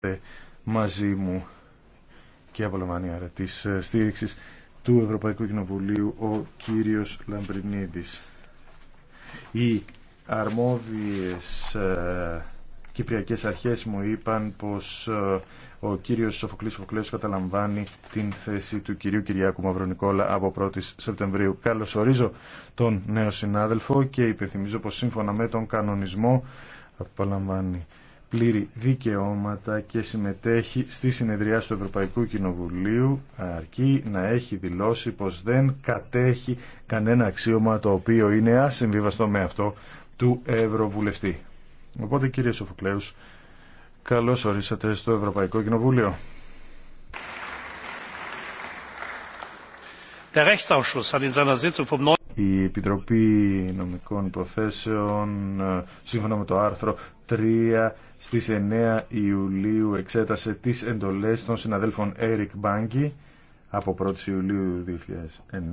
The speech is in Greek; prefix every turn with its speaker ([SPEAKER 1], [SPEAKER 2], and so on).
[SPEAKER 1] Ε, μαζί μου και από Λεμανία τη ε, στήριξη του Ευρωπαϊκού Κοινοβουλίου ο κύριος Λαμπρινίδης. Οι αρμόδιες ε, κυπριακές αρχές μου είπαν πως ο κύριος Σοφοκλής Σοφοκλέος καταλαμβάνει την θέση του κυρίου Κυριάκου Μαυρονικόλα από 1η Σεπτεμβρίου. Καλώς ορίζω τον νέο συνάδελφο και υπενθυμίζω πως σύμφωνα με τον κανονισμό απολαμβάνει πλήρη δικαιώματα και συμμετέχει στη συνεδριά του Ευρωπαϊκού Κοινοβουλίου αρκεί να έχει δηλώσει πως δεν κατέχει κανένα αξίωμα το οποίο είναι ασυμβίβαστο με αυτό του Ευρωβουλευτή. Οπότε κύριε Σοφουκλέους, καλώς ορίσατε στο Ευρωπαϊκό Κοινοβούλιο. Η Επιτροπή Νομικών Υποθέσεων, ε, σύμφωνα με το άρθρο 3, στις 9 Ιουλίου εξέτασε τις εντολές των συναδέλφων Μπάνκι Μπάγκη από Ιουλίου 2009